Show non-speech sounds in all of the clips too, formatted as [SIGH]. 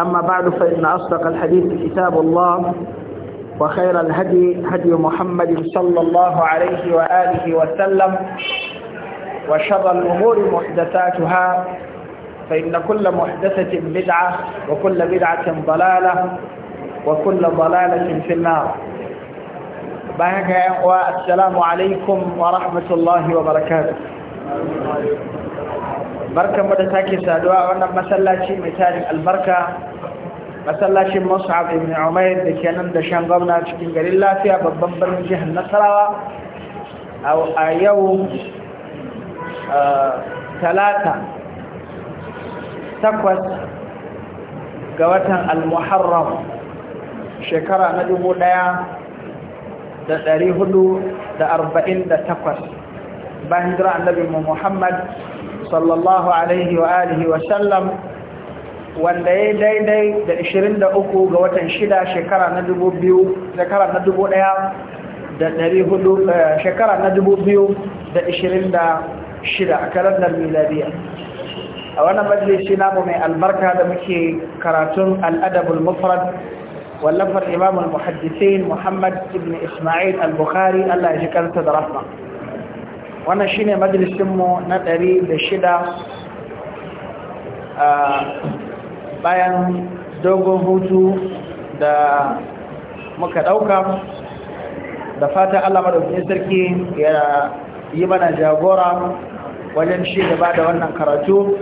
أما بعد فإن أصدق الحديث كتاب الله وخير الهدي هدي محمد صلى الله عليه وآله وسلم وشر الأمور محدثاتها فإن كل محدثة بدعة وكل بدعة ضلالة وكل ضلالة في النار السلام عليكم ورحمة الله وبركاته Barka da take saduwa a wannan masallaci mai tarin albarka masallacin mus'ab ibn umair da ke nan da shan gwamna cikin garin lafiya babban birnin jihar nasarawa a yau talata takwas ga watan al-muharram shekara na dubu ɗaya da ɗari hudu da arba'in da takwas bayan jira annabi muhammad sallallahu alaihi wa alihi wa sallam wanda ya daidai da 23 ga watan 6 shekara na 2000 shekara na 1000 da 400 eh, shekara na 2000 2026 a kalandar miladiya a wannan majalisi namu mai albarka da muke karatun al'adabul mufrad wallafar imamul muhaddisin muhammad ibn isma'il al-bukhari Allah ya shi kansa da rahma wannan shi ne majalisinmu na ɗari da shida bayan dogon hutu da muka ɗauka da fata Allah maɗaukin sarki ya yi mana jagora wajen shi ba da wannan karatu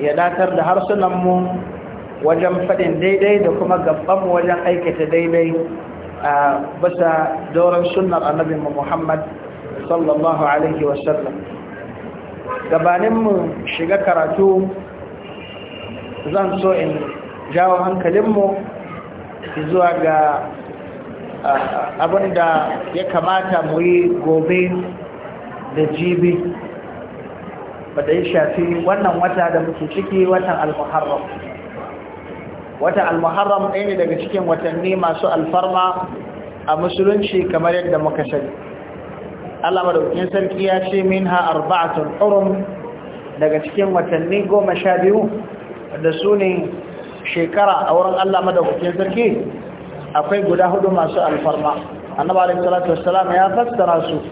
ya datar da harsunanmu wajen faɗin daidai da kuma gabanmu wajen aikata daidai a bisa doron sunnar annabinmu Muhammad sallallahu alaihi wasallam gabaninmu shiga karatu zan so in jawo hankalinmu zuwa ga abin da ya kamata mu yi gobe da jibi wadda ya shafi wannan wata da muke ciki watan al-muharram Wata al-muharram ɗaya ne daga cikin watanni masu alfarma a musulunci kamar yadda muka sani Allah madaukakin sarki ya ce minha arba'atul hurum daga cikin watanni goma sha biyu da su shekara a wurin Allah madaukakin sarki akwai guda hudu masu alfarma annabi alaihi salatu wassalam ya fassara su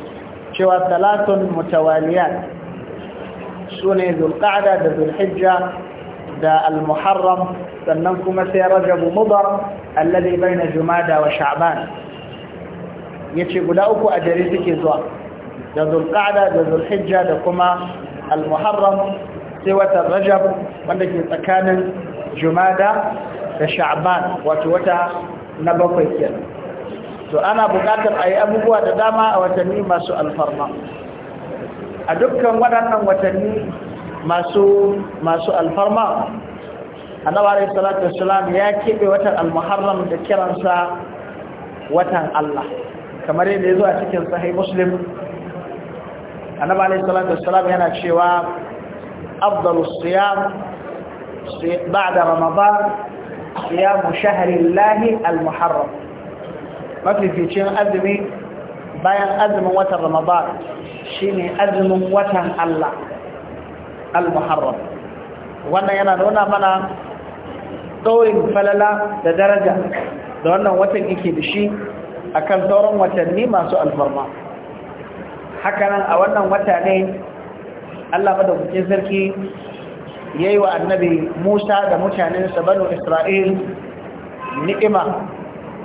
cewa talatun mutawaliyat su ne zulqa'da da zulhijja da al-muharram sannan kuma sai rajab mudar alladhi baina jumada wa sha'ban yace guda uku a jere suke zuwa da zulqa'da da zulhijja da kuma al-muharram sai wata rajab wanda ke tsakanin jumada da sha'ban wato wata na bakwai kenan to ana buƙatar a yi abubuwa da dama a watanni masu alfarma a dukkan waɗannan watanni masu masu alfarma annabi alayhi salatu wassalam ya keɓe watan al-muharram da kiransa watan Allah kamar yadda ya zo a cikin sahih muslim annabi alaihi salatu wassalam yana cewa afdalu siyam ba'da ramadan siyam shahri llahi mafi mafificin azumi bayan azumin watan ramadan shine azumin watan Allah almuharram wannan yana nuna mana daurin falala da daraja da wannan watan yake da shi akan sauran watanni masu alfarma Haka nan a wannan wata ne Allah madaukakin sarki yayi wa annabi Musa da mutanensa banu Isra'il ni'ima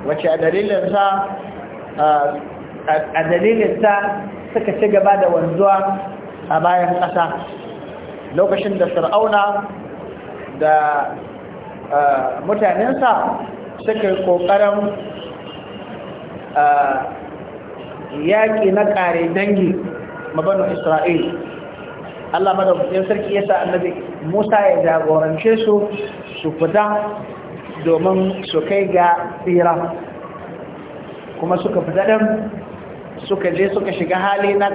wacce a dalilin sa a suka ci gaba da wanzuwa a bayan ƙasa lokacin da fir'auna da mutanensa suka yi ƙoƙarin yaƙi na ƙare dangi mabanu isra'il Allah madaukakin sarki ya sa annabi Musa ya jagorance su su fita domin su kai ga tsira kuma suka fita ɗin suka je suka shiga hali na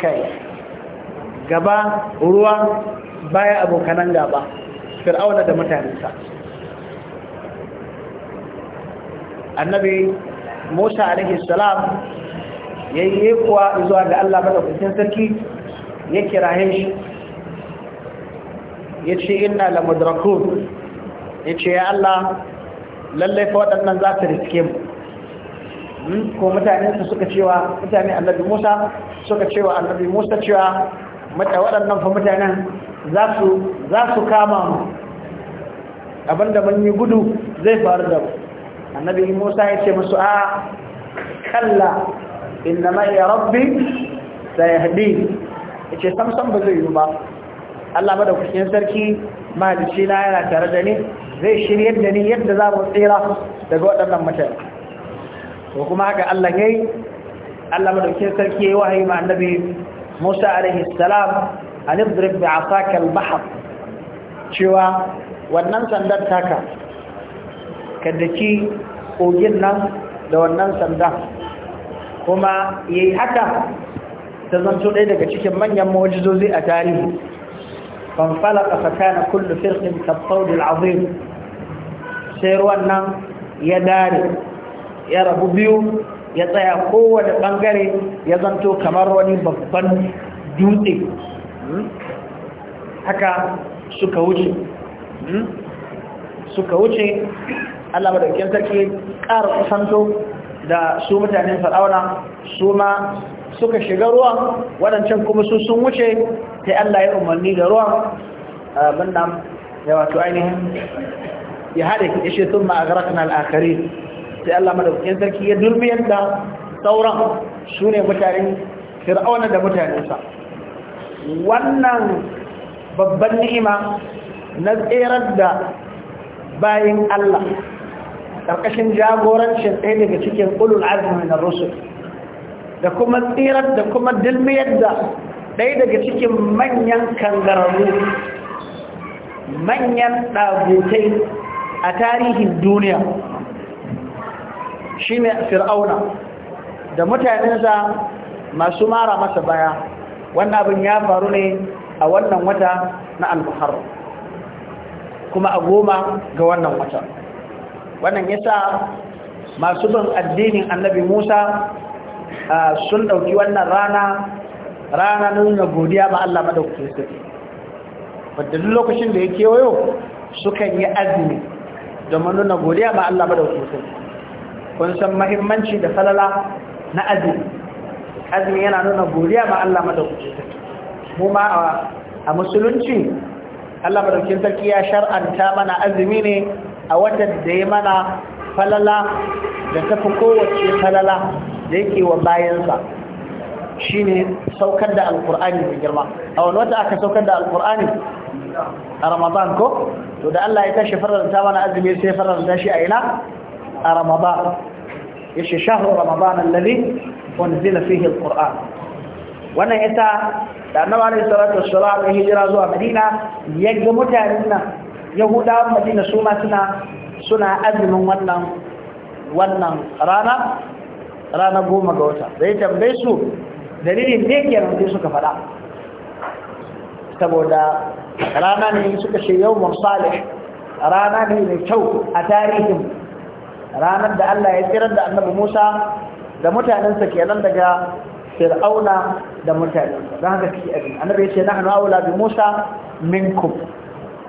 kai. gaba ruwa baya abokanan gaba fir'auna da mutanensa annabi musa alaihi yi kuwa zuwa ga Allah madaukakin sarki ya kira kiraye shi yace inna lamudrakun yace ya ce ya Allah lallai fa waɗannan za su riske mu hmm? ko mutane su suka cewa mutane Annabi Musa suka cewa Annabi Musa cewa mata waɗannan fa mutanen za su za su kama mu abinda mun yi gudu zai faru da mu Annabi Musa ya ce musu a kalla inna ma ya rabbi sayahdi yace sam sam ba zai yi ba Allah madaukakin sarki mahalici na yana tare da ni zai shiryar da ni yadda za mu tsira daga waɗannan mutane to kuma haka Allah yayi Allah madaukakin sarki yayi wahayi ma annabi Musa alaihi salam an idrib bi asaka al cewa wannan sandar taka ka daki kogin nan da wannan sandar. kuma ya yi haka ta zanto ɗaya daga cikin manyan mawajizozi a tarihi fanfalaka fakana kullu firqin kattaudi al'azim sai ruwan nan ya dare ya rabu biyu ya tsaya kowane ɓangare ya zanto kamar wani babban dutse hmm? haka suka wuce hmm? suka wuce Allah madaukakin sarki ƙara kusanto da su mutanen Farauna su ma suka shiga ruwan waɗancan kuma su sun wuce ta Allah ya umarni da ruwan abin ya wato ainihin ya haɗe ya ce sun ma'agarar na al'akari sai Allah madaukiyar sarki ya durmi yadda sauran su ne mutanen fara'una da mutanensa wannan babban ni'ima na tserar da bayan Allah ƙarƙashin jagorancin ɗaya daga cikin ulul azumi na rusul da kuma tsirar da kuma dilmiyar da ɗaya daga cikin manyan kangararru manyan ɗabutai a tarihin duniya shi ne fir'auna da mutanensa masu mara masa baya wannan abin ya faru ne a wannan wata na alfahar, kuma a goma ga wannan wata wannan yasa masu bin addinin annabi Musa sun ɗauki wannan rana rana nuna godiya ma Allah madaukakin sarki wadda duk lokacin da ya kewayo sukan yi azumi domin nuna godiya ma Allah madaukakin sarki kun san mahimmanci da falala na azumi azumi yana nuna godiya ma Allah madaukakin sai. mu ma a musulunci Allah madaukakin sarki ya shar'anta mana azumi ne a watan da ya mana falala da tafi kowace falala da yake wa bayansa shine saukar da alkur'ani mai girma a wani wata aka saukar da alkur'ani a ramadan ko to da Allah ya tashi faranta mana azumi sai faranta shi a ina a ramadan yace shahru ramadan alladhi unzila fihi alquran wannan ita da ne sallallahu alaihi wasallam hijira zuwa madina ga mutanen nan yahudawan madina su ma suna suna azumin wannan wannan rana rana goma ga wata zai tambaye su dalilin da yake ranzu suka faɗa saboda rana ne suka ce yau mursalih rana ne mai kyau a tarihin ranar da Allah ya tsirar da annabi Musa da mutanensa kenan daga fir'auna da mutanensa don haka kike abin annabi ya ce nahnu aula bi Musa minkum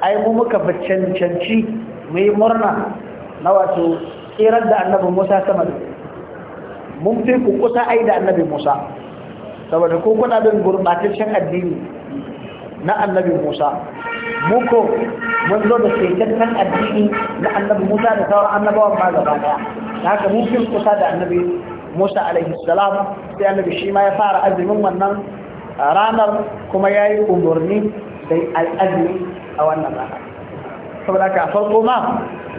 ai mu muka fi cancanci mu yi murna na wato tsirar da annabi musa sama da mun fi kukuta kusa ai da annabi musa saboda ko kuna bin gurɓataccen addini na annabi musa muku mun zo da kan addini na annabi musa da sauran annabawan ba gaba daya da haka mun fi kusa da annabi musa alaihi salam sai annabi shi ma ya fara azumin wannan ranar kuma ya yi umarni da al'azumi a wannan rana saboda ka farko ma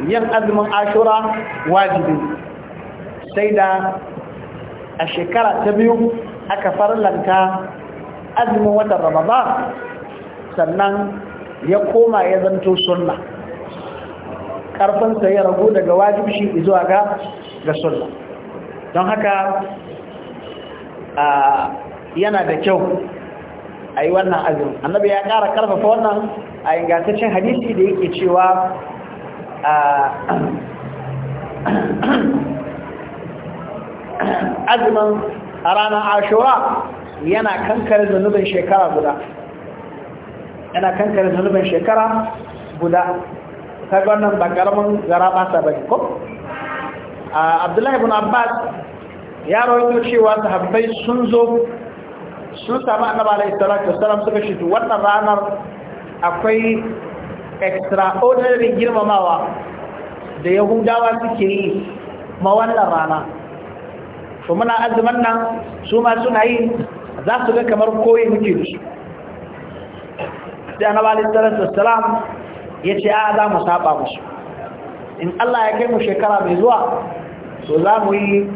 yin azumin ashura wajibi sai da a shekara ta biyu aka farlanta azumin watan ramadan sannan ya koma ya zanto sunna karfinsa ya ragu daga wajibci zuwa ga ga sunna don haka yana da kyau a yi wannan azumi annabi ya ƙara ƙarfafa wannan a ingantaccen hadisi da yake cewa [COUGHS] azumin a ranar ashura yana kankare zunubin shekara guda yana kankare zunubin shekara guda ta wannan ba ƙaramin zara ba sa ko abdullahi ibn abbas ya rawaito cewa sahabbai sun zo sun samu annaba alaihi salatu wasalam suka shi wannan ranar akwai extraordinary girmamawa da yahudawa suke yi ma wannan rana to muna azumin nan su ma suna yi za su ga kamar koyi muke da su sai annaba alaihi ya ce a za mu saba musu in Allah ya kai mu shekara mai zuwa to za mu yi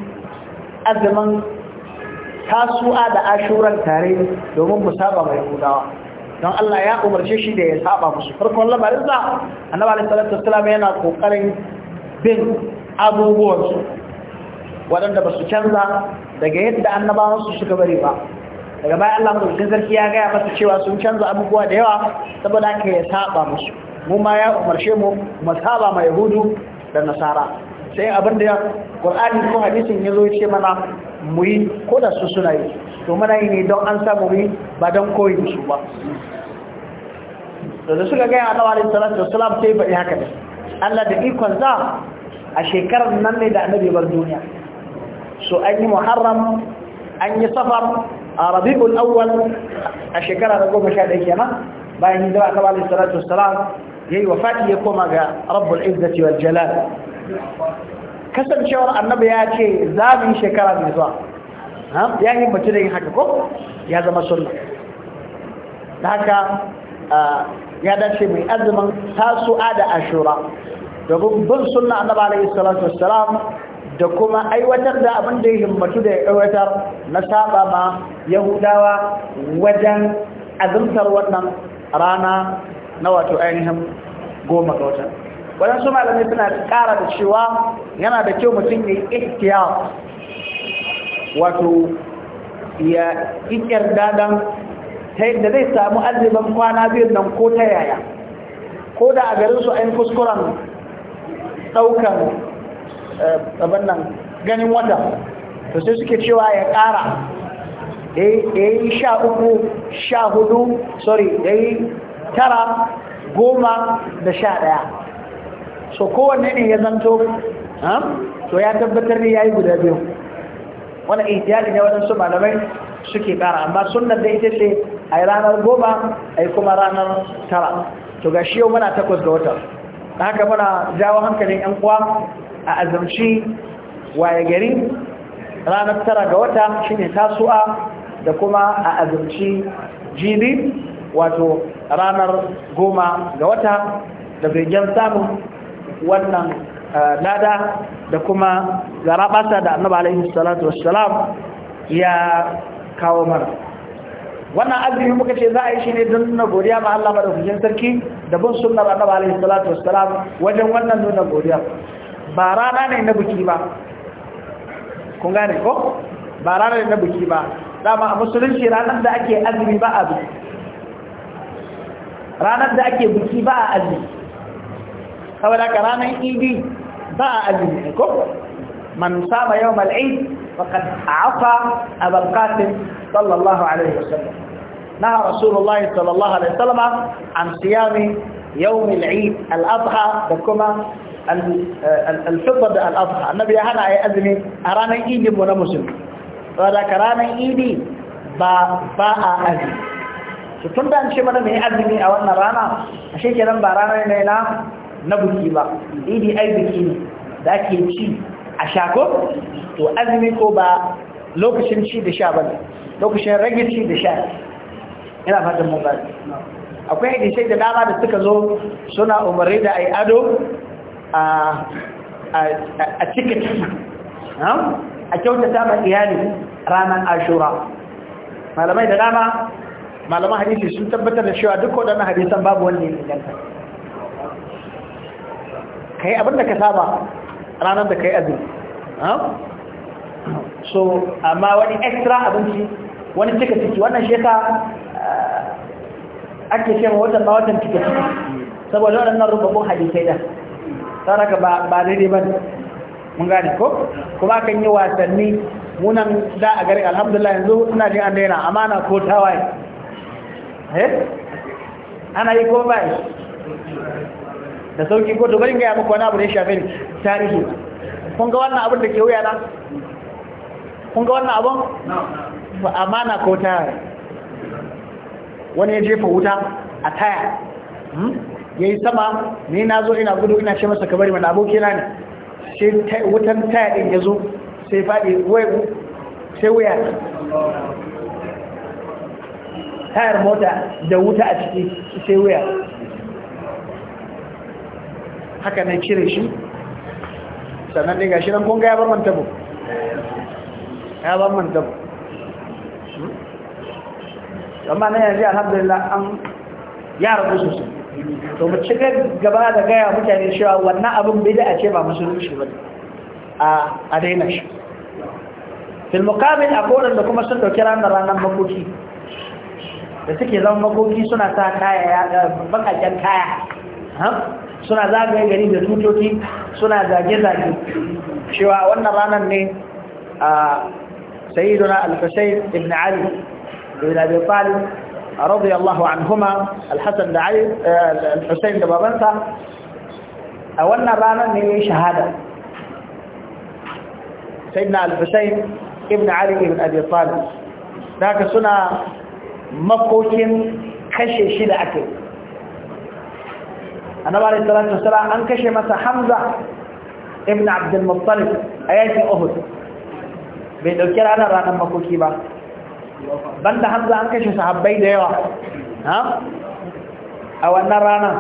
azumin Kasuwa da ashuran tare domin mu saba mai kudawa don Allah ya umarce shi da ya saba musu farkon lamarin sa annabi sallallahu alaihi yana kokarin bin abubuwan su waɗanda ba su canza daga yadda annabawan su suka bari ba daga bayan Allah madaukakin sarki ya gaya masa cewa sun canza abubuwa da yawa saboda haka ya saba musu mu ma ya umarce mu mu saba ma yahudu da nasara sai abinda da Qur'ani ko hadisin ya zo ya ce mana Muyi ko da su suna yi to mana yi ne don an samu yi ba don koyi su ba da da suka gaya annabi alaihi salatu wasalam sai faɗi haka ne Allah da ikon za a shekarar nan ne da annabi bar duniya so an yi muharram an yi safar a rabi'ul awwal a shekara da goma sha ɗaya kenan bayan yi zama annabi salatu yi yayi wafati ya koma ga rabbul izzati wal jalal kasancewar annabi ya ce za mu yi shekara mai zuwa ya yi mutu da yin haka ko ya zama sunna da haka ya dace mai azumin tasu'a da ashura domin bin sunna annabi alaihi salatu wassalam da kuma aiwatar da abin da ya himmatu da ya aiwatar na saba ma yahudawa wajen azumtar wannan rana na wato ainihin goma ga watan waɗansu malami suna ƙara da cewa yana da kyau mutum ya yi wato ya ƙiƙyar dadan ta yadda zai samu azumin kwana biyu nan ko ta yaya ko da a garin garinsu yin kuskuren ɗaukan eh, abin nan ganin wata to sai suke cewa ya ƙara ya yi sha uku sha hudu sorry ya yi tara goma da sha ɗaya so kowanne ne ya zanto to ya tabbatar ne yayi guda biyu Wani ihtiyali ne waɗansu malamai suke ƙara amma sunnar da ita ce a ranar goma a yi kuma ranar tara to ga shi yau muna takwas ga wata haka mana jawo hankalin yan uwa a azamci waye gari ranar tara ga wata shine tasu'a da kuma a azamci jibi wato ranar goma ga wata da jan samun wannan eh, lada da kuma garabata da annaba alaihi salatu wassalam ya kawo mana wannan azumi muka ce za a yi shi ne don nuna godiya ma Allah madaukakin sarki da bin sunnar annaba alaihi salatu wassalam wajen wannan nuna godiya ba rana ne na biki ba kun gane ko ba rana ne na biki ba dama a musulunci ranar da ake azumi ba a biki ranar da ake biki ba a azumi saboda ka ranar idi ba a azumi ko man sama yau mal'id faqad afa abul qasim sallallahu alaihi wasallam نهى رسول الله صلى الله عليه وسلم عن صيام يوم العيد الأضحى بكما الفطر الأضحى النبي هنا أزمي أرانا إيدي من مسلم وذاك رانا إيدي باء أزمي tun da an ce mana mai azumi a wannan rana a shekarun ba rana ne na na buki ba idi ai buki ne da ake ci a ko to azumi ko ba lokacin ci da sha ba lokacin rage ci da sha ina fatan mun gani akwai hadisai da dama da suka zo suna umarai da ai ado a a cikin a kyautata ma iyali ranar ashura malamai da dama malaman hadisi sun tabbatar da cewa duk waɗannan hadisan babu ne ne ganta ka yi abinda ka saba ranar da ka yi azumi so amma wani extra abinci wani cika ciki wannan sheka eh, ake ce ma watan ba cika ciki saboda nan rubabun hadisai da saraka ba daidai ba mun gane ko kuma kan yi wasanni munan da a gari alhamdulillah yanzu suna jin an daina amana ko tawaye eh ana yi ko ba da sauki ko to bari gaya muku wani abu da ya shafe ni tarihi kun ga wannan abin da ke wuya na kun ga wannan abin ba amana ko tayar wani ya jefa wuta a taya hmm? ya yi sama ni na zo ina gudu ina ce masa kabari mana aboki na ne sai wutan taya ɗin ya zo sai faɗi sai wuya tayar mota da wuta a ciki sai wuya haka na cire shi sannan dai gashi nan kun ga ya bar man tabo ya bar man tabo amma na yanzu alhamdulillah an ya rabu su. to mu ci gaba da gaya mutane cewa wannan abin bai da a ce ba musulunci ba a a daina shi fil muqabil akwai da kuma sun dauki ranar ranar makoki da suke zama makoki suna sa kaya ya bakakken kaya suna zagaye gari da tutoci suna zage-zage cewa wannan ranar ne a sayyiduna al-husayn ibn ali ibn abi talib radiyallahu anhuma al-hasan da ali al-husayn da babansa a wannan ranar ne yayin shahada sayyidina al-husayn ibn ali ibn abi talib daga suna makokin kashe shi da ake annabi alaihi salatu wasalam an kashe masa hamza ibn abd al-muttalib a yakin uhud bai dauki ranar ranar makoki ba banda hamza an kashe sahabbai da yawa ha a wannan ranar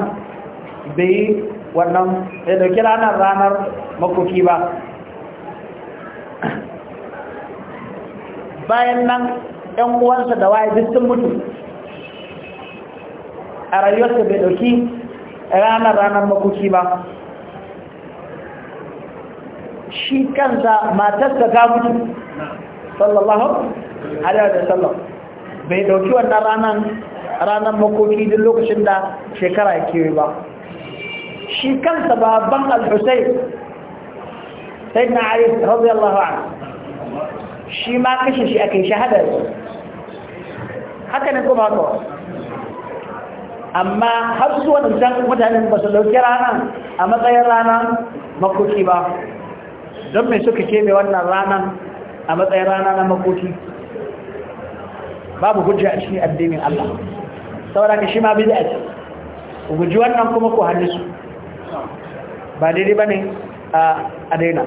bai wannan bai dauki ranar ranar makoki ba bayan nan ɗan uwansa da waye duk sun mutu a rayuwarsa bai dauki ranar ranar makoki ba shi kansa matarsa ta mutu sallallahu alaihi wa sallam bai dauki wannan ranar ranar makoki duk lokacin da shekara ya kewe ba shi kansa babban al-husayn sayyidina ali radiyallahu anhu shi ma kashe shi akai shahada haka ne kuma haka amma har su waɗancan mutanen ba su ɗauki rana a matsayin rana makoki ba don mai suka kebe wannan ranan a matsayin rana na makoki babu hujja a cikin addinin Allah saboda ka shi ma da ce ku guji wannan kuma ku hannu su. ba daidai bane a daina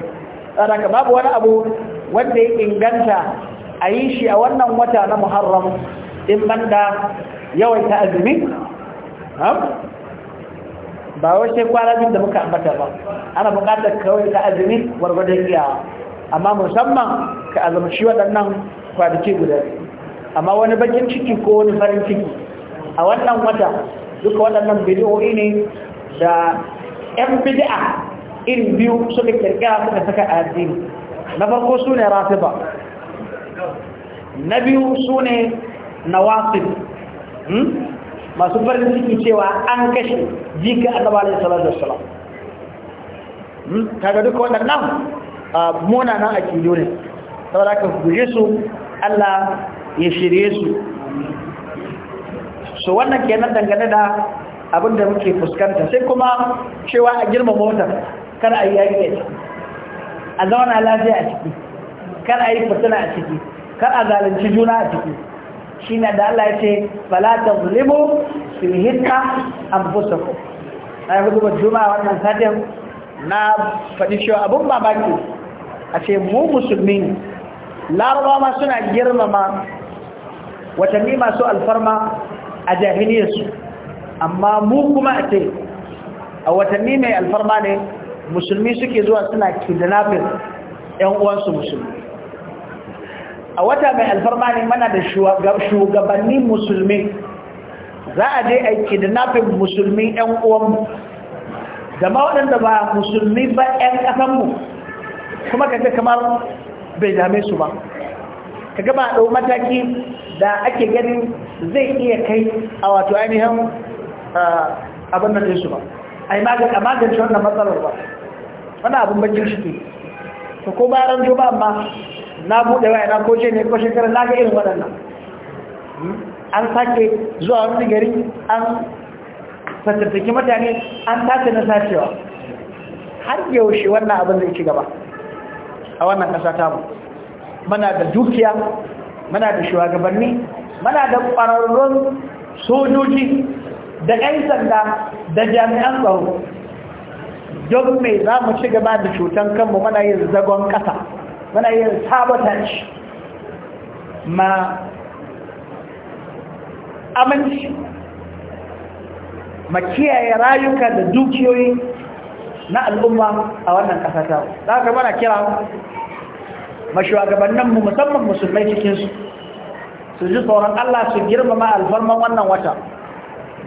saboda ka babu wani abu wanda ya inganta a yi shi a wannan wata na Muharram in banda yawaita azumi ba wai sai kwana bin da muka ambata ba ana bukatar kawai ta azumi gwargwadon iyawa amma musamman ka azumci waɗannan kwanaki guda amma wani bakin ciki ko wani farin ciki a wannan wata duka waɗannan bidiyo'i ne da 'yan bidi'a irin biyu suka kirkira suka saka a addini na farko su ne rasiba. na biyu su ne wasu masu farin ciki cewa an kashe jika annaba alaihi salatu wassalam hmm? kaga duka waɗannan munanan akidu ne saboda ka guje su Allah ya shirye su so wannan kenan dangane da abin muke fuskanta sai kuma cewa a girma mota kar a yi ciki a zauna lafiya a ciki kar a yi fitina a ciki kar a zalunci juna a ciki shi na da Allah ya ce fala ta zulimu filhinta an na yi hudu juma wannan satin na faɗi cewa abin babaki a ce mu musulmi larabawa suna girmama watanni masu alfarma a jahiliyarsu amma mu kuma a ce a watanni mai alfarma ne musulmi suke zuwa suna kidnapping 'yan uwansu musulmi a wata mai alfarma ne mana da shugabanni musulmi za a je a kidnapping musulmi 'yan uwanmu da ma waɗanda ba musulmi ba 'yan ƙasanmu kuma kaga kamar bai dame su ba kaga ba ɗau mataki da ake ganin zai iya kai a wato ainihin abin da su ba a yi magance wannan matsalar ba wani abin bakin shi ne ko bayan ranjo ba na buɗe waina ko koje ne ko shekarar na ga irin waɗannan an sake zuwa wani gari an fasirtaki mutane an tafi na sacewa har yaushe wannan abin zai ci gaba a wannan ƙasa tamu mana da dukiya mana da shugabanni mana da ƙwararrun sojoji da 'yan sanda da jami'an tsaro don mai za mu ci gaba da cutan kanmu mana yin zagon ƙasa muna yin sabotage ma aminci ma kiyaye rayuka da dukiyoyi na al'umma a wannan ƙasa ta za ka mana kira mashugabanninmu musamman musulmai cikinsu su ji tsoron Allah su girmama alfarman wannan wata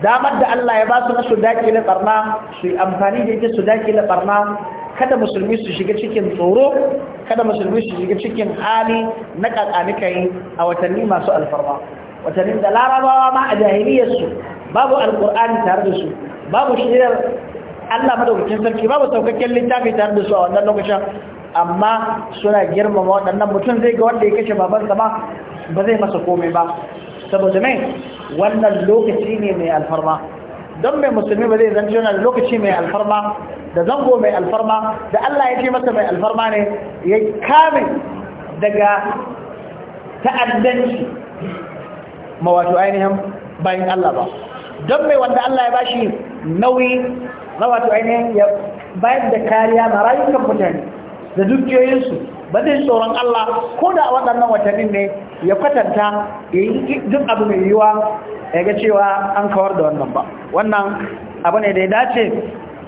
damar da Allah ya ba su na su dakile barna su yi amfani da ita su dakile barna kada musulmi su shiga cikin tsoro kada musulmi su shiga cikin hali na kakanikai a watanni masu alfarma watannin da larabawa ma a jahiliyarsu babu alkur'ani tare da su babu shirar allah madaukakin sarki babu saukakken littafi tare da su a wannan lokacin amma suna girmama waɗannan mutum zai ga wanda ya kashe babansa ba ba zai masa komai ba saboda mai wannan lokaci ne mai alfarma don mai musulmi ba zai zanci yana da lokaci mai alfarma da zango mai alfarma da Allah ya ce masa mai alfarma ne ya kame daga ta'addanci ma ainihin bayan Allah ba don mai wanda Allah ya bashi nauyi na wato ainihin ya bayar da kariya na rayukan mutane da dukiyoyinsu ba zai tsoron Allah ko da waɗannan watannin ne ya kwatanta duk abu mai yiwuwa ya ga cewa an kawar da wannan ba wannan abu ne da ya dace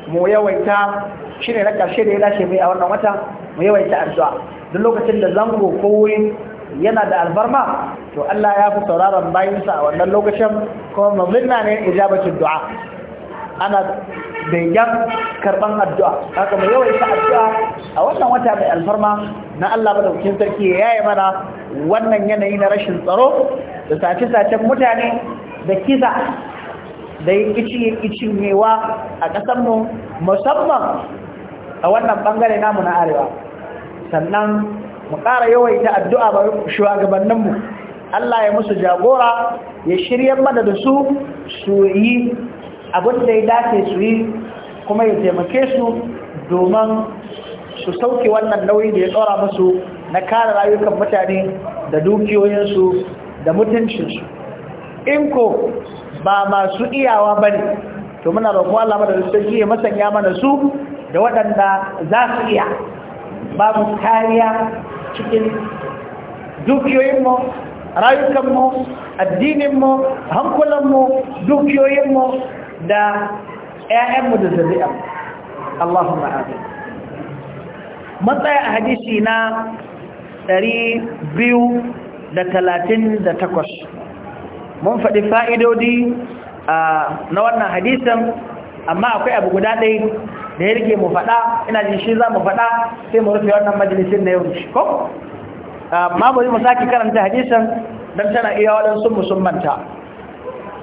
mu yawaita shi ne na ƙarshe da ya dace mai a wannan wata mu yawaita addu'a duk lokacin da zango ko wuri yana da albarma to Allah ya fi sauraron bayinsa a wannan lokacin kuma mazinna ne ijabatin du'a ana begen karban addu'a haka mai yawaita addu'a a wannan wata mai alfarma na Allah madaukakin sarki ya yi mana wannan yanayi na rashin tsaro da sace-sacen mutane da kisa da yi kici newa a ƙasarmu musamman a wannan ɓangare namu na arewa sannan mu ƙara yawaita addu'a ba shugabanninmu Allah ya musu jagora ya shirya mana da su su yi abin da ya dace su yi kuma ya taimake su domin su sauke wannan nauyi da ya tsora musu na kare rayukan mutane da dukiyoyinsu da mutuncinsu in ko ba masu iyawa ba ne to muna roƙo Allah madadin sarki ya masanya mana su da waɗanda za su iya babu kariya cikin dukiyoyinmu rayukanmu addininmu hankulanmu dukiyoyinmu da mu da zuri'a Allahumma amin matsaya a hadisi na 238 mun faɗi fa'idodi na wannan hadisan amma akwai abu guda ɗaya da ya rike mu faɗa ina jin shi za mu faɗa sai mu rufe wannan majalisin na yau ko? ma mu sake karanta hadisan don tana iya waɗansu musulmanta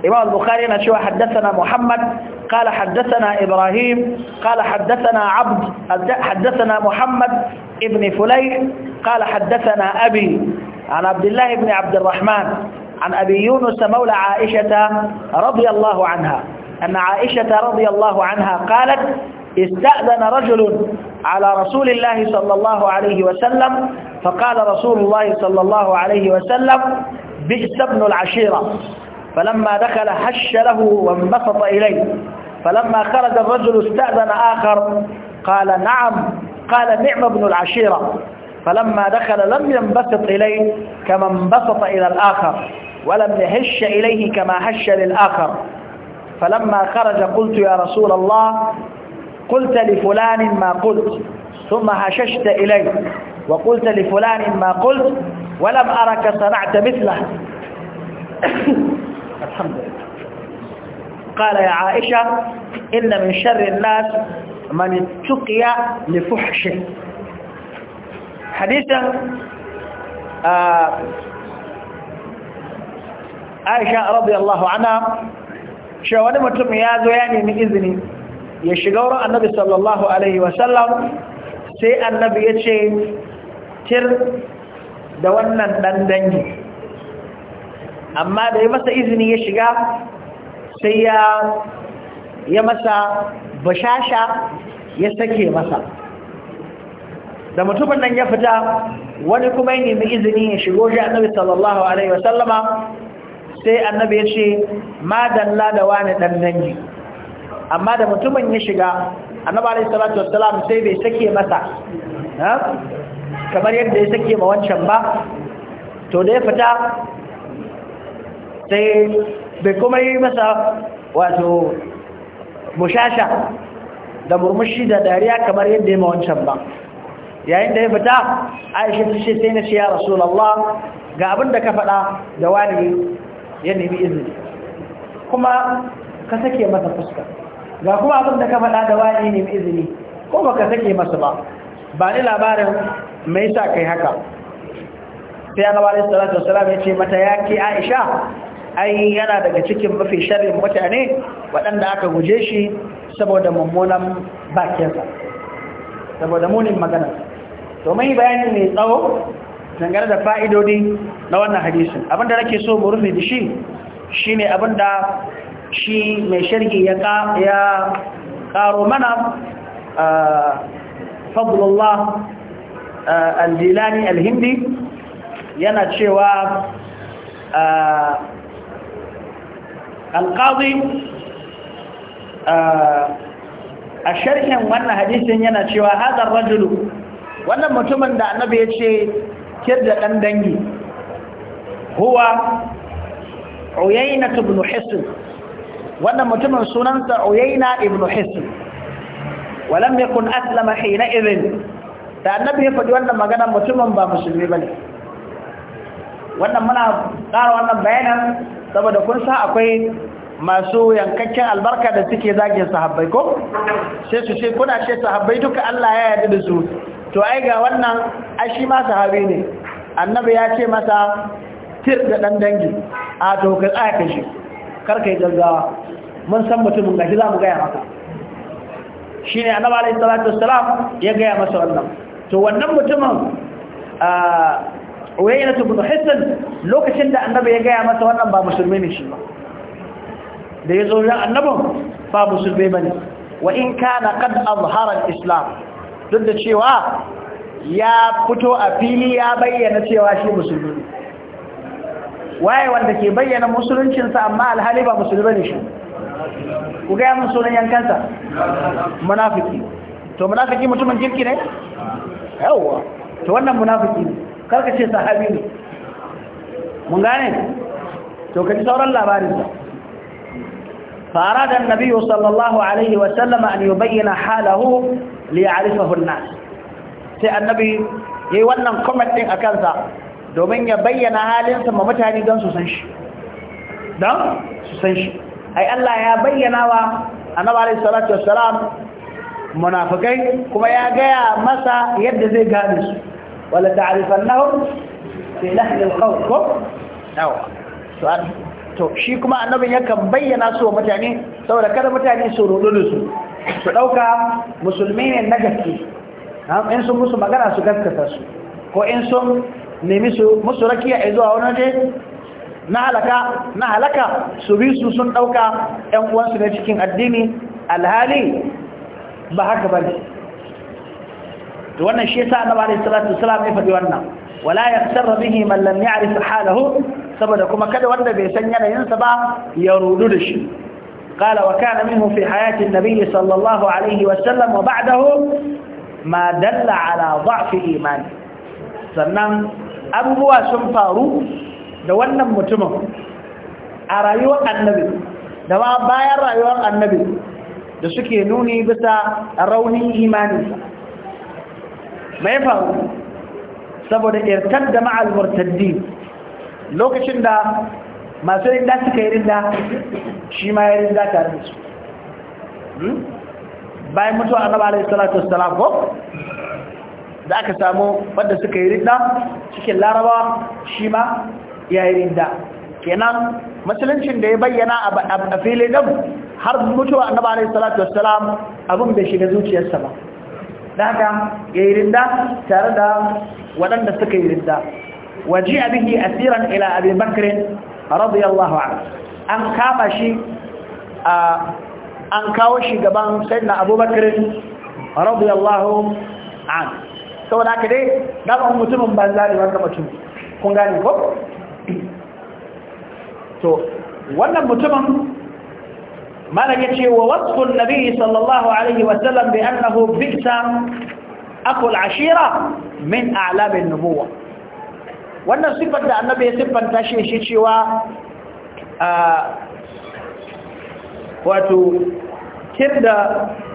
إمام البخاري نشوى حدثنا محمد قال حدثنا إبراهيم قال حدثنا عبد حدثنا محمد ابن فليح قال حدثنا أبي عن عبد الله بن عبد الرحمن عن أبي يونس مولى عائشة رضي الله عنها أن عائشة رضي الله عنها قالت استأذن رجل على رسول الله صلى الله عليه وسلم فقال رسول الله صلى الله عليه وسلم بئس ابن العشيرة فلما دخل هش له وانبسط إليه فلما خرج الرجل استأذن آخر قال نعم قال نعم ابن العشيرة فلما دخل لم ينبسط إليه كما انبسط إلى الآخر ولم يهش إليه كما هش للآخر فلما خرج قلت يا رسول الله قلت لفلان ما قلت ثم هششت إليه وقلت لفلان ما قلت ولم أرك صنعت مثله alhamdulillah قال يا عائشة إن من شر الناس من اتقي لفحشه حديثا Aisha radiyallahu anha cewa wani mutum ya zo ya nini izini ya shiga wurin Annabi sallallahu alaihi wasallam sai Annabi ya ce tir da wannan dan dangi amma da ya masa izini ya shiga sai ya masa bashasha ya sake masa da mutumin nan ya fita wani kuma ya nemi izini ya shigo shi annabi sallallahu alaihi wasallama sai annabi ya ce ma dalla da wani dan dangi amma da mutumin ya shiga annabi alaihi salatu wassalam sai bai sake masa kamar yadda ya sake ma wancan ba to da ya fita sai bai kuma yi masa wato mushasha da murmushi da dariya kamar yadda ya ma wancan ba yayin da ya fita aisha ta ce sai na ce ya rasulallah ga abin da ka faɗa da wani ya nemi izini kuma ka sake masa fuska ga kuma abin da ka faɗa da wani ya nemi izini ko ba ka sake masa ba ba ni labarin mai sa kai haka sai ya nawa alaihi salatu wasalam ya ce mata ya ke aisha ai yana daga cikin mafi sharrin mutane waɗanda aka guje shi saboda mummunan bakinsa saboda munin magana domin bayani mai tsawo dangane da fa'idodi na wannan hadisin abinda nake so mu rufe da shi shine abinda shi mai shirgi ya ya karo mana fadlullah al-jilani al-hindi yana cewa alƙazi ah, a sharhin wannan hadisin yana cewa hadar rajulu wannan mutumin da annabi ya ce kir da ɗan dangi huwa uyayna ibn hisn wannan mutumin sunansa uyayna ibn hisn walam yakun aslama hina irin da annabi ya faɗi wannan magana mutumin ba musulmi ba ne wannan muna ƙara wannan bayanan saboda kun sa akwai masu yankakken albarka da suke zagin sahabbai ko sai su ce kuna ce sahabbai duka Allah ya yadda da su to ai ga wannan ai shi ma sahabi ne annabi ya ce masa tir da dan dangi a to ka tsaya ka shi karka yi gaggawa mun san mutumin gashi za mu gaya maka shine annabi alaihi salatu wassalam ya gaya masa wannan to wannan mutumin uyayna ibn hisan lokacin da annabi ya gaya masa wannan ba musulmi ne shi ba da yazo ya annabin ba musulmi bane wa in kana qad azhara al-islam duk da cewa ya fito a fili ya bayyana cewa shi musulmi ne waye wanda ke bayyana musuluncinsa amma alhali ba musulmi ne shi ku gaya mun sunan yankansa munafiki to munafiki mutumin girki ne yawwa to wannan munafiki ne karka ce sahabi ne mun gane to kaji sauran labarinsa فأراد النبي صلى الله عليه وسلم أن يبين حاله ليعرفه الناس sai annabi yayi wannan comment din akan sa domin ya bayyana halinsa ma mutane don su san shi don su san shi ai Allah ya bayyana wa annabi alaihi salatu wassalam munafikai kuma ya gaya masa yadda zai gane su wala ta'rifannahum fi lahni al-qawl ko yawa to shi kuma annabin yakan bayyana su wa mutane saboda kada mutane su rudu su su dauka musulmi ne na gaske in sun musu magana su gaskata su ko in sun nemi su musu rakiya a zuwa wani waje na halaka na halaka su bi su sun dauka ƴan uwansu ne cikin addini alhali ba haka bane to wannan shi yasa annabi alaihi salatu wasalam ya faɗi wannan wala yaghtarra bihi man lam ya'rif halahu saboda kuma kada wanda bai san yanayinsa ba ya rudu da shi قال وكان منه في حياة sallallahu صلى wa sallam wa وبعده ma دل على ضعف iman. sannan abubuwa sun faru da wannan mutumin a rayuwar annabi da ma bayan rayuwar annabi da suke nuni bisa raunin imaninsa mai faru saboda irtar da ma'al murtaddi lokacin da masu rinda suka yi rinda shi ma ya rinda tare da su hmm? bayan mutuwa annaba alaihi salatu wassalam ko da aka samu wadda suka yi rinda cikin larabawa shi ma ya yi rinda kenan musuluncin da ya bayyana a filin har mutuwa annaba alaihi salatu wassalam abin da shiga zuciyarsa ba daga ya yi rinda tare da waɗanda suka yi rinda waje abihi asiran ila abin bakirin radiyallahu an an kama shi an kawo shi gaban sayyidina abubakirin radiyallahu an sau da aka dai daban mutumin banza ne wanda mutum kun gane ko? to wannan mutumin ya ce wa wasfun nabi sallallahu alaihi wa sallam bi annahu bi'sa akul ashira min a'lam nubuwa wannan sifar da annabi ya siffanta shi shi cewa wato kir da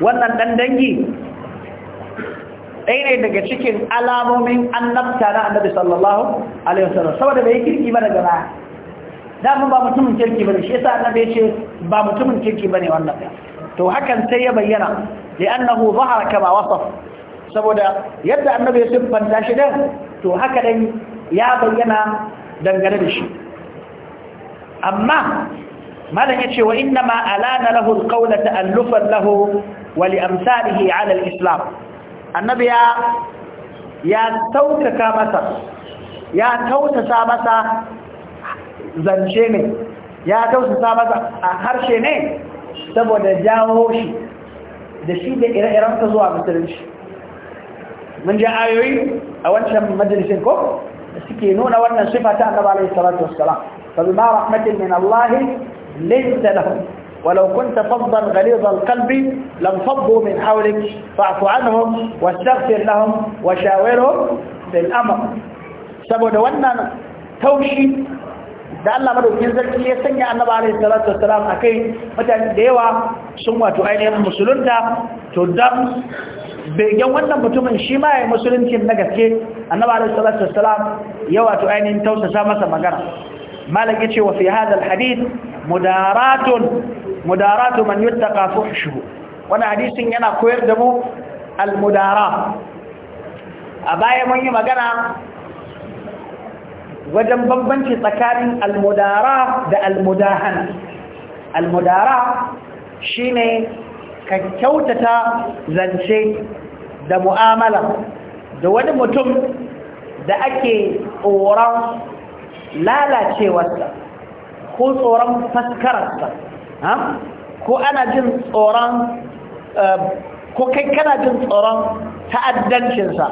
wannan dan dangi ɗaya ne daga cikin alamomin annabta na annabi sallallahu alaihi wasallam saboda bai kirki ba daga baya daman ba mutumin kirki bane shi yasa annabi ya ce ba mutumin kirki bane wannan to hakan sai ya bayyana li'annahu zahara kama wasaf saboda yadda annabi ya siffanta shi dan to haka dan ya bayyana dangane da shi amma malam ya ce wa inna ma alana lahu alqawla ta'allufan lahu wa li amsalihi 'ala al-islam annabi ya ya tautaka masa ya tautasa masa zance ne ya tausasa masa a harshe ne saboda jawo shi da shi da ire-irensa zuwa musulunci mun ji ayoyi a wancan majalisin ko da suke nuna wannan sifa ta annabi alaihi salatu wassalam fa bima rahmatin min Allah laysa lahum ولو كنت فظا غليظ القلب لم فضوا من حولك فاعف عنهم واستغفر لهم وشاورهم في الامر saboda wannan taushi da Allah madaukin sarki ya sanya annabi alaihi salatu wassalam akai mutane da yawa sun wato ainihin musulunta to dan begen wannan mutumin shi ma yayin musulunci na gaske annabi alaihi salatu wassalam ya wato ainihin tausasa masa magana malik yace wa fi hadha alhadith mudaratun mudaratu man yuttaqa fuhshuhu wannan hadisin yana koyar da mu almudara a baya mun yi magana wajen bambanci tsakanin almudara da almudahan almudara shine ka kyautata zance da mu'amala da wani mutum da ake tsoron lalacewarsa ko tsoron faskararsa ko ana jin tsoron eh, ko kai kana jin tsoron ta'addancinsa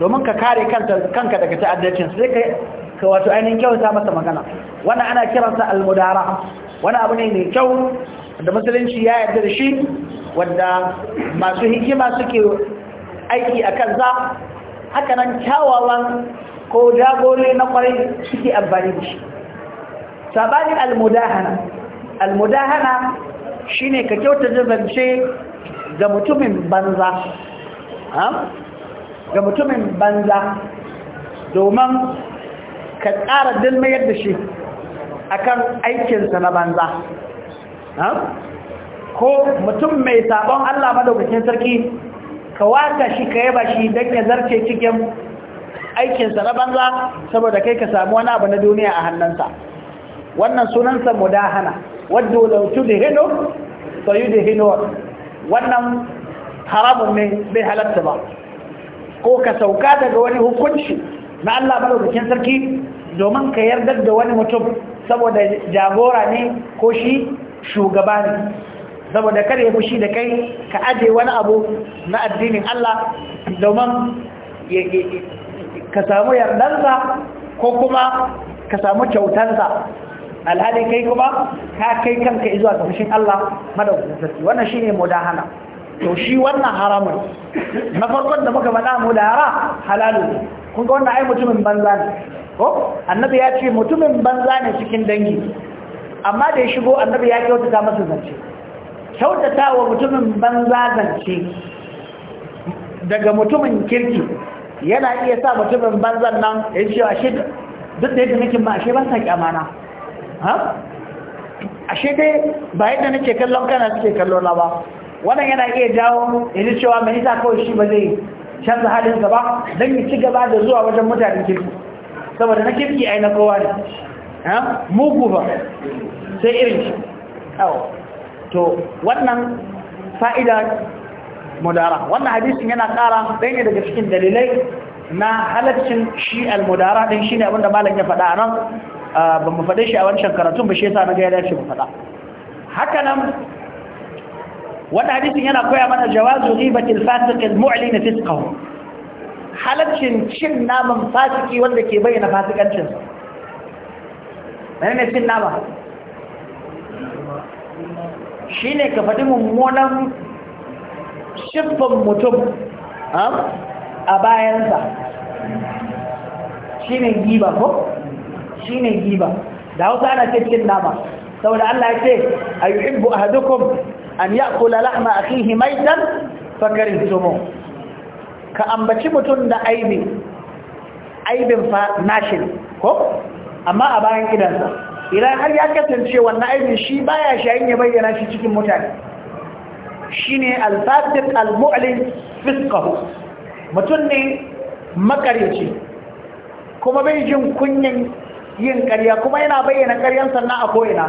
domin ka kare kanka daga ta'addancinsa sai ka wato ainihin kyauta masa magana wannan ana kiransa almudara wani abu ne mai kyau da musulunci ya yarda da shi wanda masu hikima suke aiki a za haka nan kyawawan ko jagore na kwarai suke amfani da shi sabanin almudahana almudahana shine ka kyauta zance ga mutumin banza ga mutumin banza domin ka ƙara mayar da shi akan aikinsa na banza ko mutum mai sabon Allah madaukakin sarki ka wata shi ka yaba shi don ya zarce cikin aikinsa na banza saboda kai ka samu wani abu na duniya a hannunsa wannan sunansa mudahana wadda lautu da hino to da hino wannan haramun ne bai halatta ba ko ka sauka daga wani hukunci na Allah madaukakin sarki domin ka yardar da wani mutum saboda jagora ne ko shi shugaba ne saboda kar ya fushi da kai ka aje wani abu na addinin Allah domin ka samu yardarsa ko kuma ka samu kyautansa alhali kai kuma ka kai kanka zuwa ga fushin Allah madaukakin sarki wannan shine mudahana to shi wannan haramun na farkon da muka faɗa yara halalu kun ga wannan ai mutumin banza ne ko annabi ya ce mutumin banza ne cikin dangi amma da ya shigo annabi ya kyautata masa zance kyautata wa mutumin banza zance daga mutumin kirki yana iya sa mutumin banzan nan ya ce ashe duk da yadda nake ba ashe ban san kyamana ha ashe dai ba yadda nake kallon kana suke kallo na ba wannan yana iya jawo ya ji cewa mai isa kawai shi ba zai canza halin gaba don ya ci gaba da zuwa wajen mutanen kirki saboda na kirki yi na kowa ne ha mugu ba sai irin shi awo to wannan fa'ida mudara wannan hadisin yana kara ɗaya daga cikin dalilai na halaccin shi al-mudara shi ne abinda malam ya faɗa nan ba mu faɗe shi a wancan karatun ba shi yasa na gaya ya dace mu faɗa haka nan wannan hadisin yana koya mana jawazu ribatil fasiq al-mu'lin fisqahu halaccin cin naman fasiki wanda ke bayyana fasikancin, menene cin nama shi ne ka faɗi mummunan mutum ah, a bayansa shi ne giba ko? shi ne giba da hausa ana cin nama saboda Allah ya ce a yi ibu a hadukun an ya kula lahma a kihi maitan fakarin tumo ka ambaci mutum da aibi aibin fa nashi ko amma a bayan gidansa idan har ya kasance wannan aibin shi baya shayin ya bayyana shi cikin mutane shine al-fasiq al-mu'lin fisqah mutum ne makarici kuma bai jin kunyan yin ƙarya kuma yana bayyana ƙaryan sannan a ko'ina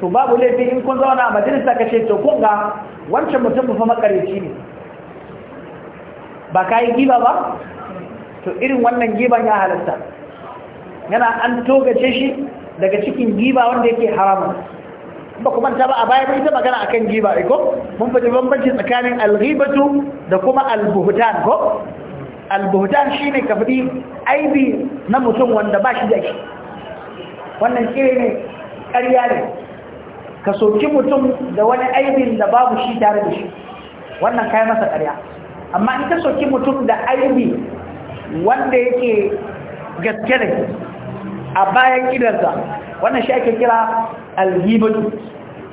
to babu laifi in kun zauna a majalisa ka ce to kun ga wancan mutum fa makarici ne ba ka yi giba ba to irin wannan giban ya halatta yana an togace shi daga cikin giba wanda yake haramun ba kuma ta ba a baya ita magana akan giba ko mun faɗi bambanci tsakanin alghibatu da kuma Albuhutan, ko albuhtan shine ka faɗi aibi na mutum wanda ba shi da shi wannan kire ne ƙarya ne ka soki mutum da wani aibin da babu shi tare da shi wannan kai masa ƙarya amma in ka soki mutum da aibi wanda yake gaske da a bayan gidansa wannan shi ake kira alhibatu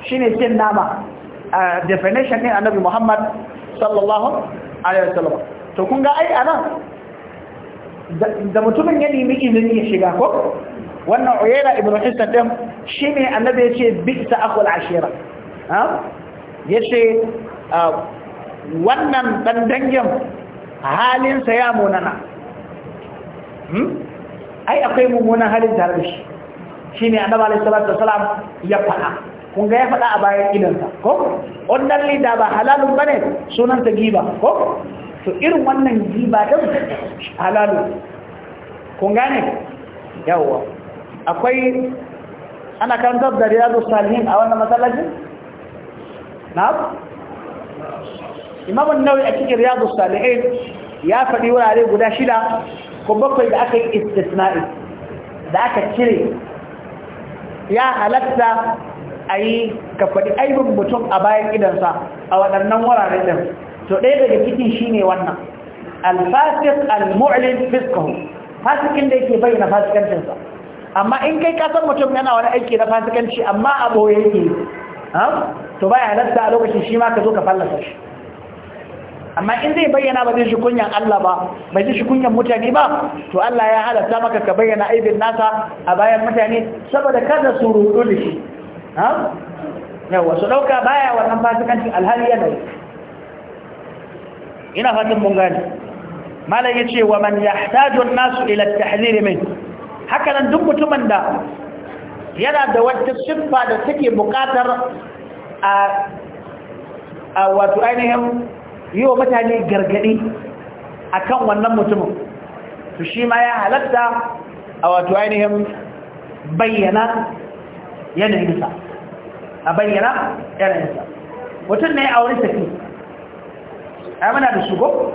shi ne cin nama a definition ne annabi Muhammad sallallahu alaihi wasallam to kun ga ai anan da mutumin ya nemi izini ya shiga ko wannan uyayna ibnu hisan din ne annabi yace ta akhul ashira ha yace ah, wannan ɗan dangin halinsa ya munana hmm? ai akwai mummunan halin tare da shi shi ne annaba alaihissalatu salam ya faɗa kun ga ya faɗa a bayan idansa ko wannan lida ba halalun ne sunanta giba ko to irin wannan giba din halalu kun gane yawwa akwai ana kan da riyadu salihin a wannan masallacin Na. imamun nawawi a cikin riyadu salihin ya faɗi wurare guda shida ko bakwai da aka yi istisna'i da aka cire ya halatta a yi ka faɗi aibin mutum a bayan idansa a waɗannan wurare ɗin to ɗaya daga cikin shi ne wannan alfasik almu'lin fiskahu fasikin da yake bayyana fasikancinsa amma in kai kasan mutum yana wani aiki na fasikanci amma a ɓoye yake to baya halatta a lokacin shi ma ka zo ka fallasa shi amma in zai bayyana ba zai shi kunyan Allah ba bai zai shi kunyan mutane ba to Allah ya halatta maka ka bayyana aibin nasa a bayan mutane saboda kada su rudu da shi ha yawa su dauka baya wannan fasikanci alhali yana yi ina fatan mun gani. malam yace wa man yahtaju an-nasu ila at-tahdhir min haka nan duk mutumin da yana da wata siffa da take buƙatar a wato ainihin yi wa mutane gargadi a kan wannan mutumin su shi ma ya halatta a wato ainihin bayyana yanayinsa a bayyana yanayinsa mutum ne a wani tafi a mana da shugo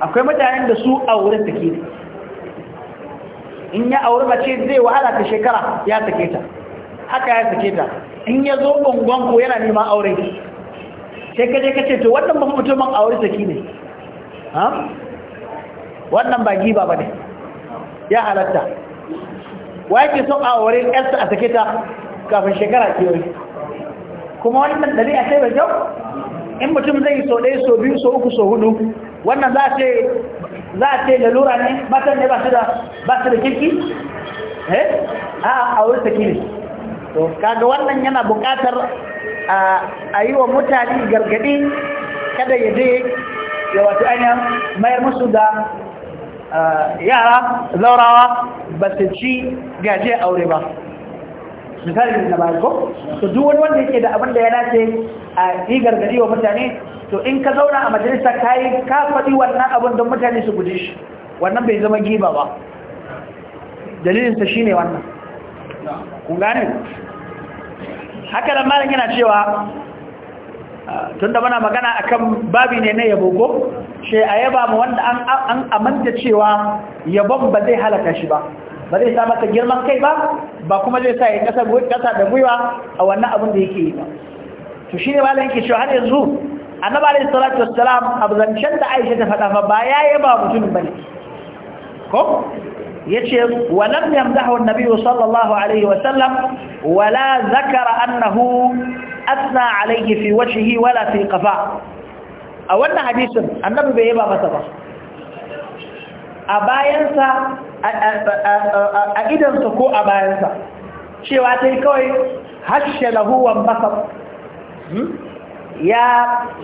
akwai mutanen da su a wurin take ne in ya auri mace zai wahala ta shekara ya take ta haka ya take ta in ya zo gongon ko yana neman aure sai kaje ka ce to wannan ba mutumin aure saki ne ha wannan ba giba bane ya halatta Waye ke son aure sa a sake ta kafin shekara ke yi kuma wannan dari a sai ba kyau in mutum zai so ɗaya so biyu so uku so hudu wannan za ce za a ce lalura ne matan ne ba su da ba su da kirki eh a aure saki ne to kaga wannan yana buƙatar a yi wa mutane gargaɗi kada ya je ya wata ainihin mayar musu da yara zaurawa ba su ci gaje aure ba misali na ba ko to duk wani wanda yake da abin da ya dace a yi gargadi wa mutane to in ka zauna a majalisa ka yi ka faɗi wannan abin don mutane su guji shi wannan bai zama giba ba dalilinsa shine wannan kun haka da malam yana cewa ah, tunda muna magana akan babi ne na yabo ko she a yaba mu wanda an an cewa yabon ba zai halaka shi ba ba zai sa masa girman kai ba ba kuma zai sa ya kasa kasa da gwiwa a wannan abin da yake yi ba to shine malamin yake cewa har yanzu annabi alayhi salatu wassalam abu zancen da Aisha ta faɗa ba ya yaba mutumin bane ko yace walam yamdahu an-nabi sallallahu alaihi wa sallam wala zakara annahu asna alaihi fi wajhihi wala fi qafa a wannan hadisin annabi bai yaba masa ba a bayansa a idansa ko a bayansa cewa sai kawai hashe lahu wa masa hmm? ya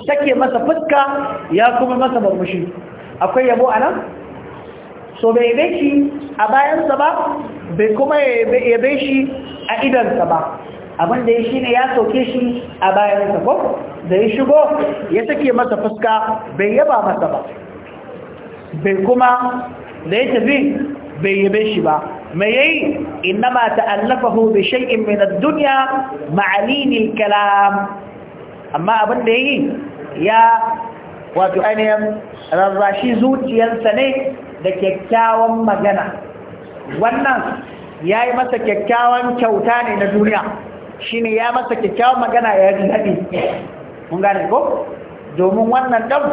sake masa fuska ya kuma masa murmushi akwai yabo anan so bai yabe shi a bayansa ba bai kuma yabe shi a idansa ba abinda ya shi ne ya sauke shi a bayansa ko da ya shigo ya sake masa fuska bai yaba masa ba bai kuma da ya tafi bai yabe shi ba mai yayi ma ta'allafahu bi shay'in min ad-dunya ma'alini al-kalam amma abinda yayi ya wato ainihin rarrashi zuciyarsa ne da kyakkyawan magana wannan ya yi masa kyakkyawan kyauta ne na duniya shi ne ya masa kyakkyawan magana ya yi haɗi mun gane ko domin wannan ɗan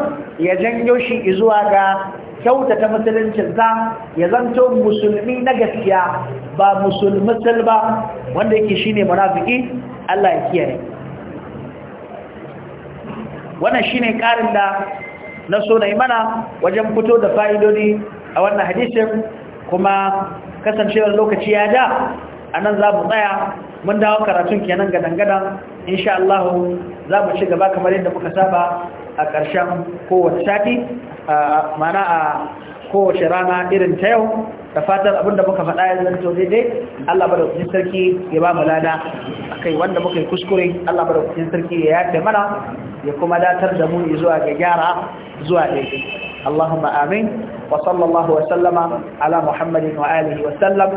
ya janyo shi zuwa ga kyautata musuluncin za ya zanto musulmi na gaskiya ba musulmi ba wanda yake shine munafiki Allah ya kiyaye wannan shine karin da na so na yi mana wajen fito da fa'idodi a wannan hadisin kuma kasancewar lokaci ya da nan za mu tsaya mun dawo karatun kenan gadangadan gadan insha Allah za mu ci gaba kamar yadda muka saba a ƙarshen kowace sati mana a kowace rana irin ta yau da fatar abinda muka faɗa ya zanto daidai Allah bada kucin sarki ya ba mu lada kai wanda muka yi kuskure Allah bada kucin sarki ya yafe mana ya kuma datar da mu zuwa ga gyara zuwa daidai Allahumma amin wa sallallahu wa sallama ala Muhammadin wa alihi wa sallam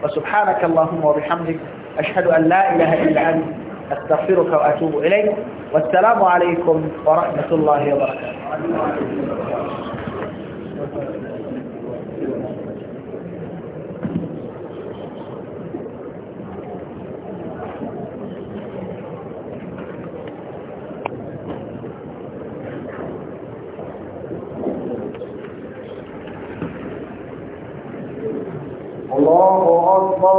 wa subhanaka Allahumma wa bihamdik ashhadu an la ilaha illa anta astaghfiruka wa atubu ilayk wassalamu alaikum wa rahmatullahi wa barakatuh الله أكبر